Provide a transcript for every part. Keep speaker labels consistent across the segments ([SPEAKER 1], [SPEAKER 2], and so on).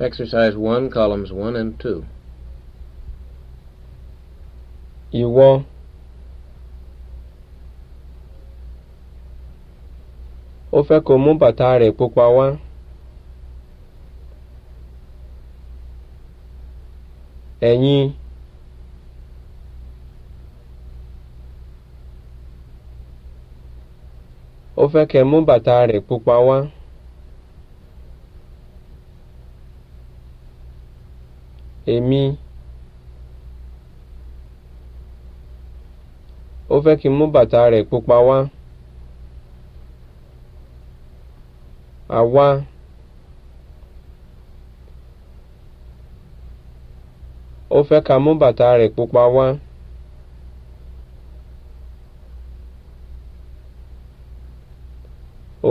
[SPEAKER 1] Exercise 1, columns 1 and 2. Ìwọ.
[SPEAKER 2] Ó fẹ́ kó mú bàtà rẹ̀ pupa wá. Ẹ̀yin. Ó fẹ́ kẹ́ mú bàtà rẹ̀ pupa wá. èmi ó fẹ́ kí n mú bàtà rẹ̀ pupa wá àwa ó fẹ́ ká mú bàtà rẹ̀ pupa wá.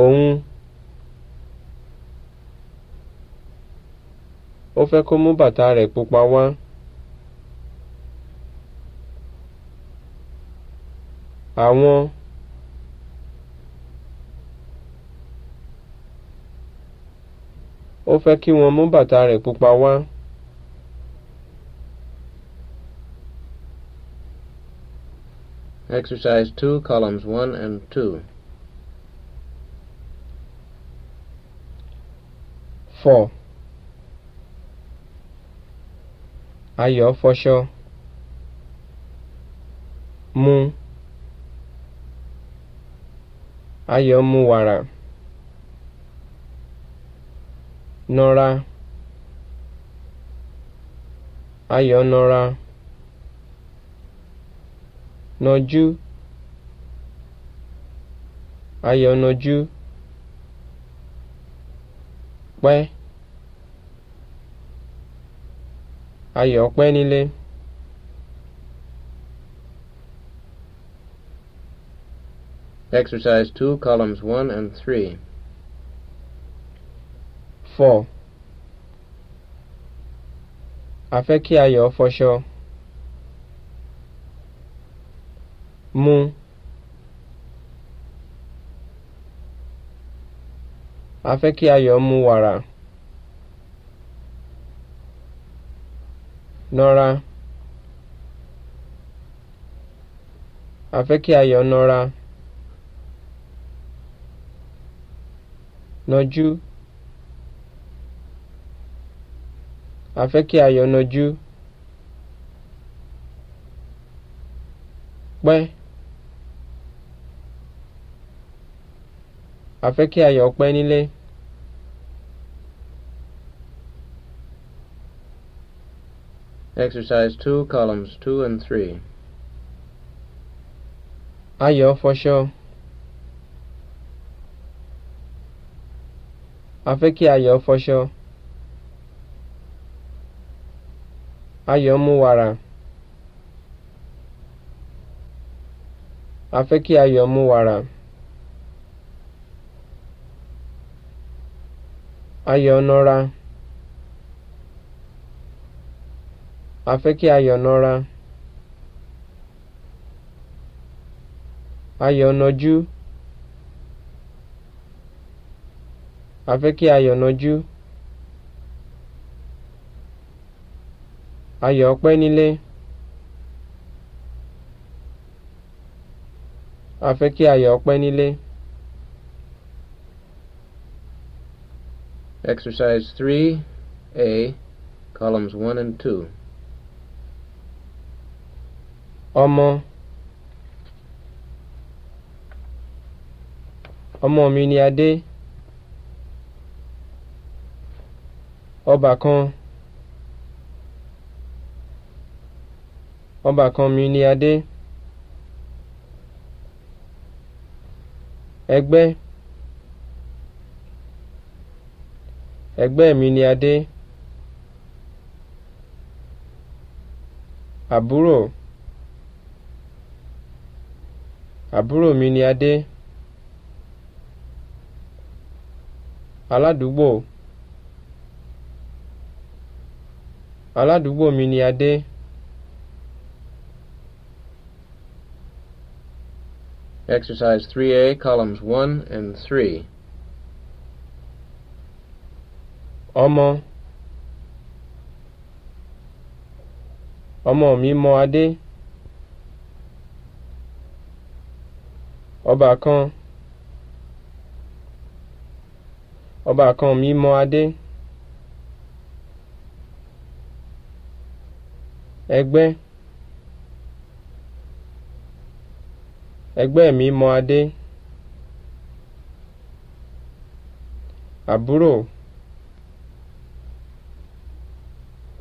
[SPEAKER 2] òun ó fẹ́ kó mú bàtà rẹ̀ pupa wá. àwọn ó fẹ́ kí wọ́n mú bàtà rẹ̀ pupa wá.
[SPEAKER 1] Exercise two, columns one and two.
[SPEAKER 2] Four. Ayọ̀ fọṣọ mu. Ayọ̀ mu wàrà. Nọra. Ayọ̀ nọra. Nọjú. Ayọ̀ nọjú. Pẹ́. Ayọ̀ pẹ́ nílé.
[SPEAKER 1] Exercise two columns one and three
[SPEAKER 2] four A fẹ́ kí Ayọ̀ fọṣọ. Mu. A fẹ́ kí Ayọ̀ mu wàrà. nọra a fẹ́ kí ayọ̀ nọra nọjú a fẹ́ kí ayọ̀ nọjú pẹ́
[SPEAKER 1] Exercise 2, columns 2 and 3.
[SPEAKER 2] Ayo, for sure. Afeki ayo for sure. Ayọ̀ muwara. Afeki Ayọ̀ muwara. Ayọ̀ nọra. a fẹ́ kí a yọ̀nara a yọ̀nàjú a fẹ́ kí a yọ̀nàjú ayọ̀ ọpẹ́ nílé a fẹ́ kí ayọ̀
[SPEAKER 1] ọpẹ́ nílé. Exercise 3A, columns 1 and 2 ọmọ
[SPEAKER 2] ọmọ mi ni adé ọbàkan ọbàkan mi ni adé ẹgbẹ́ ẹgbẹ́ mi ni adé àbúrò. Àbúrò mi ni Adé. Aládùúgbò. Aládùúgbò mi ni Adé.
[SPEAKER 1] Exercise three a columns one and three. Ọmọ. Ọmọ
[SPEAKER 2] mi mọ Adé. ọbàkan ọbàkan mi mọ adé ẹgbẹ́ ẹgbẹ́ mi mọ adé àbúrò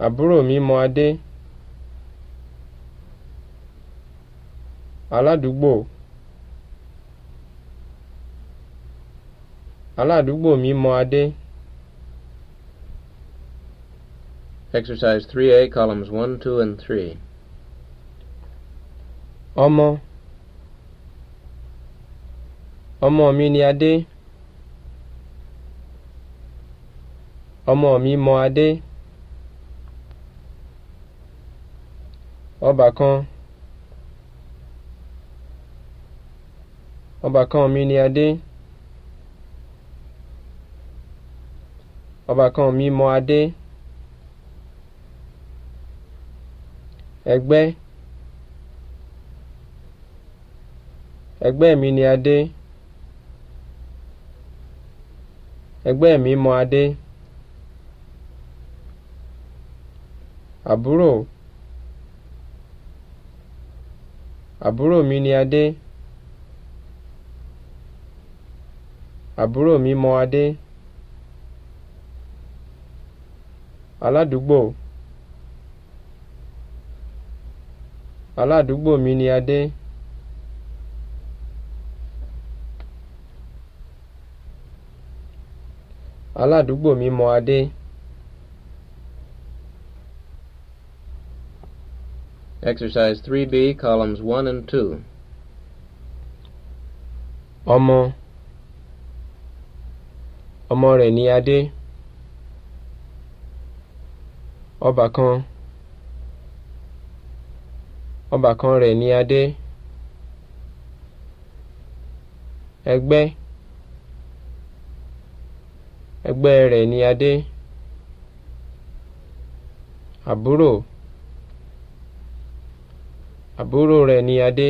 [SPEAKER 2] àbúrò mi adé aládùúgbò. aládùúgbò mi mọ Adé.
[SPEAKER 1] Exercise three a columns one, two, and three.
[SPEAKER 2] Ọmọ ọmọ mi ni Adé. Ọmọ mi mọ Adé. Ọbàkan ọbàkan mi ni Adé. ọba kan mi mọ adé ẹgbẹ́ ẹgbẹ́ mi ni adé ẹgbẹ́ mi mọ adé àbúrò àbúrò mi ni adé àbúrò mi mọ adé. aládùúgbò aládùúgbò mi ni Adé. aládùúgbò mi mọ
[SPEAKER 1] Adé. Exercise three b columns one and two.
[SPEAKER 2] Ọmọ ọmọ rẹ̀ ni Adé. Ọbàkan, ọbàkan rẹ̀ ni Adé. Ẹgbẹ́, ẹgbẹ́ rẹ̀ ni Adé. Àbúrò, àbúrò rẹ̀ ni Adé.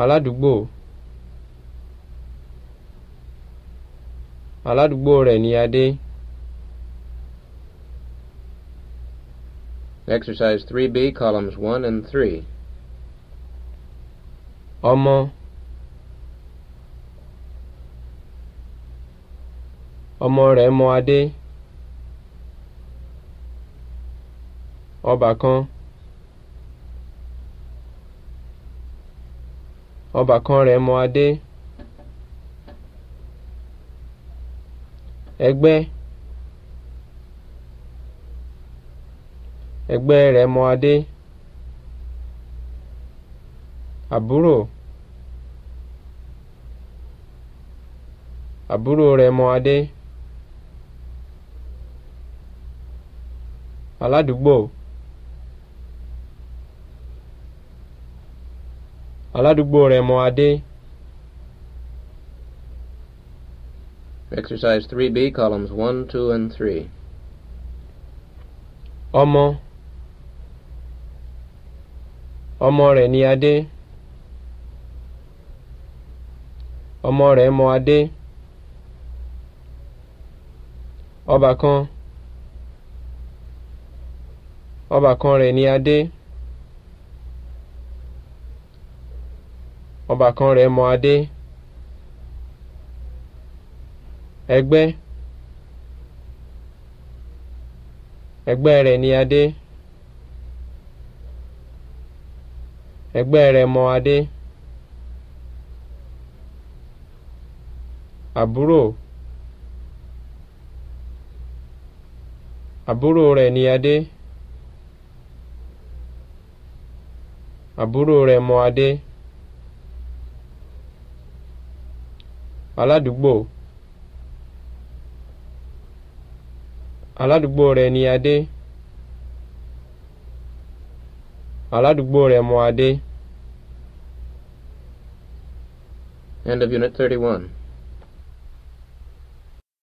[SPEAKER 2] Aládùúgbò,
[SPEAKER 1] aládùúgbò rẹ̀ ni Adé. Exercise 3B, columns 1 and 3.
[SPEAKER 2] Omo. Ọmọ rẹ̀ mọ adé. Ọbàkan. Ọbàkan rẹ̀ mọ adé. Ẹgbẹ́. ẹgbẹ́ Rẹ̀mọ Adé àbúrò àbúrò Rẹ̀mọ Adé aládùúgbò
[SPEAKER 1] aládùúgbò Rẹ̀mọ Adé. Exercise 3B columns 1, 2, and 3. omo ọmọ rẹ̀ ni adé
[SPEAKER 2] ọmọ rẹ̀ mọ adé ọbàkan kan rẹ̀ ni adé kan rẹ̀ mọ adé ẹgbẹ́ ẹgbẹ́ rẹ̀ ni adé. ẹgbẹ́ Rẹ̀mọ Adé àbúrò àbúrò rẹ̀ ni Adé àbúrò Rẹ̀mọ Adé aládùúgbò aládùúgbò rẹ̀ ni Adé.
[SPEAKER 1] aládùúgbò rẹ̀ mú adé. End of Unit 31.